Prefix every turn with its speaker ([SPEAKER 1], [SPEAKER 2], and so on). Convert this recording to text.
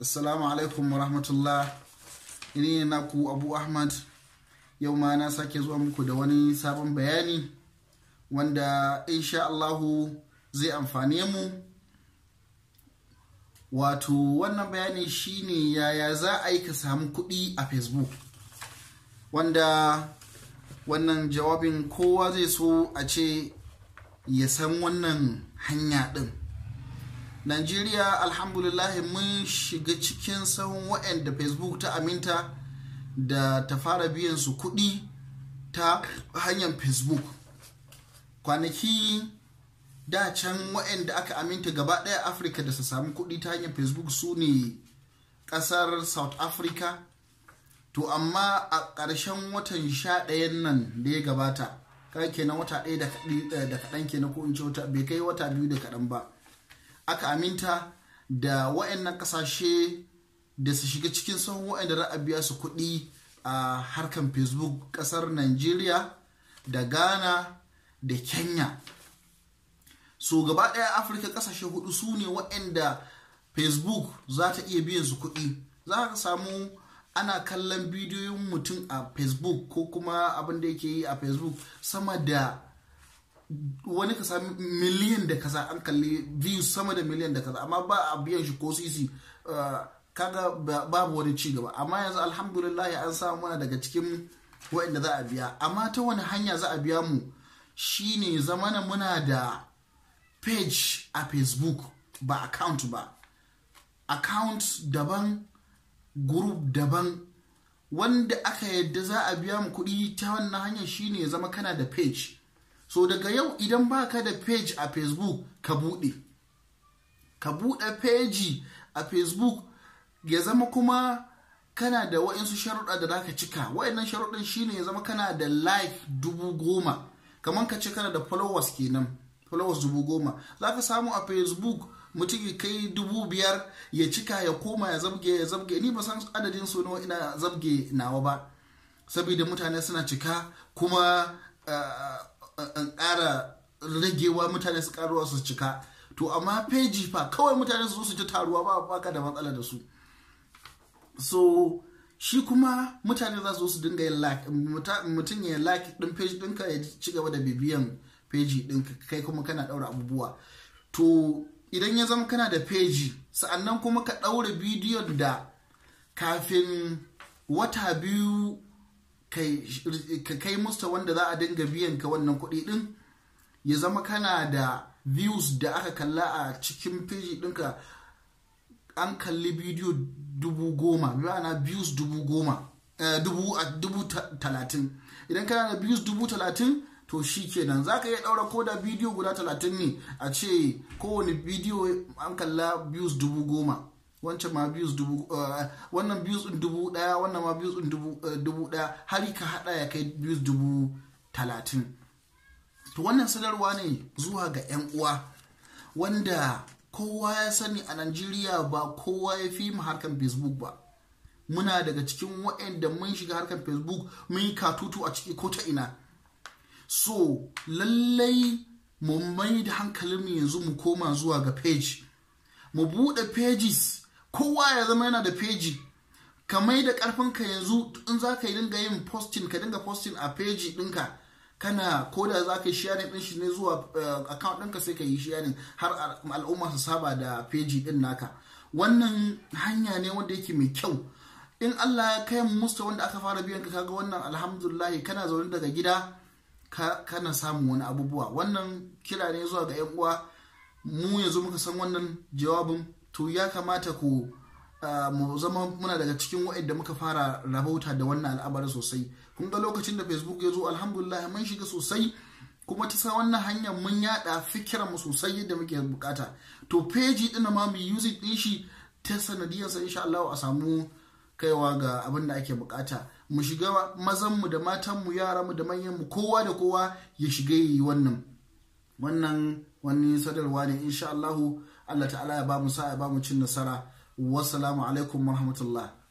[SPEAKER 1] assalamu alaikum wa rahmatullah ini ne naku abu ahmad yau ma na sake zuwa muku da wani sabon bayani wanda insha allahu zai amfane mu wato wannan bayani shine yaya za a yi ka samu kuɗi a facebook wanda wannan jawabin kowa zai so a ce ya san wannan hanya ɗin Najeriya alhamdulillahi mun shiga cikin sahun wa'anda Facebook ta aminta da ta fara biyan su kuɗi ta hanyar Facebook. Kwanaki da can wa'anda aka aminta gaba ɗaya Afirka da su samu kuɗi ta hanyar Facebook su ne ƙasar South Africa. To amma a ƙarshen watan sha ɗayan nan da ya gabata, kai kenan wata ɗaya da eh, kaɗan kenan ko in ce bai kai wata biyu da kaɗan ba. aka aminta da wa'annan kasashe da su shiga cikin sahun wa'anda za a biya su kuɗi a harkan facebook ƙasar nigeria da ghana da kenya so gaba ɗaya afirka ƙasashe hudu su ne wa'anda facebook za ta iya biyan su kuɗi za ka samu ana kallon bidiyoyin mutum a facebook ko kuma abin da yake yi a facebook sama da wani ka sami miliyan da kasa an kalli biyu sama da miliyan da kasa, amma ba a biyan shi ko sisi uh, kaga babu wani ci gaba amma yanzu alhamdulillah an samu mana daga cikin waɗanda za a biya amma ta wani hanya za a biya mu shine zamana muna da page a facebook ba account ba account daban group daban wanda aka yadda za a biya mu kuɗi ta wannan hanyar shine ya zama kana da page so daga yau idan baka da page a facebook ka buɗe ka buɗe page a facebook ya zama kuma kana da wa'insu sharuɗa da zaka cika wa'annan sharuɗin shine ya zama kana da like dubu goma kamar ka ce kana da followers kenan followers dubu goma za ka samu a facebook mutum ya kai dubu biyar ya cika ya koma ya zabge ya zabge ni ba san adadin su nawa ina zabge nawa ba saboda mutane suna cika kuma eh, ƙara ragewa mutane su ƙaruwa su cika to amma feji fa kawai mutane su su ta taruwa ba baka da matsala da su so shi kuma mutane za su su dinga yin like mutum ya like din page dinka ya ci gaba da bibiyan feji dinka kai kuma kana daura abubuwa to idan ya zama kana da feji sa'annan kuma ka daura bidiyon da kafin wata biyu ka kai musta wanda za a dinga biyan ka wannan kuɗi ɗin ya zama kana da views da aka kalla a cikin page ɗinka an kalli bidiyo dubu goma ma'ana views dubu goma eh, dubu talatin idan kana da views dubu talatin to shi kenan za ka iya ɗaura ko da bidiyo guda talatin ne a ce kowane bidiyo an kalla views dubu goma wancan ma dubu eh, wannan views din dubu daya wannan ma views din dubu eh, daya har ka hada ya kai views dubu talatin to wannan sadarwa ne zuwa ga 'yan uwa wanda kowa ya sani a najeriya ba kowa ya fi mu harkar facebook ba muna daga cikin waɗanda mun shiga harkar facebook mun yi katutu a ciki ko ta ina so lallai mu mai da hankalinmu yanzu mu koma zuwa ga page mu buɗe pages kowa ya zama yana da feji ka mai da ka yanzu in za ka yi dinga yin postin ka dinga postin a feji dinka kana ko da za ka yi sharing din shi ne zuwa eh, account ɗinka sai ka yi sharing har al'umma su saba da feji din naka wannan hanya ne wanda yake mai kyau in Allah ya kai musta wanda aka fara biyan ka kaga wannan alhamdulillah kana zaune daga gida kana samun wani abubuwa wannan kira ne zuwa ga yan uwa mu yanzu muka san wannan jawabin to ya kamata ku ah, mu zama muna daga cikin wa'anda muka fara rahota da wannan al'amarin sosai kun ga lokacin da facebook ya zo alhamdulillah mun shiga sosai kuma ta sa wannan hanyar mun yada mu sosai yadda muke bukata to page din ma mu use din shi ta sa, insha Allah a samu kaiwa ga abin da ake bukata mu shiga mazanmu da matanmu yaranmu da manyanmu kowa da kowa ya shiga yi wannan wannan wani sadarwa ne insha Allahu Allah ta'ala ya ba mu sa ya ba mu cin nasara wassalamu alaikum warahmatullahi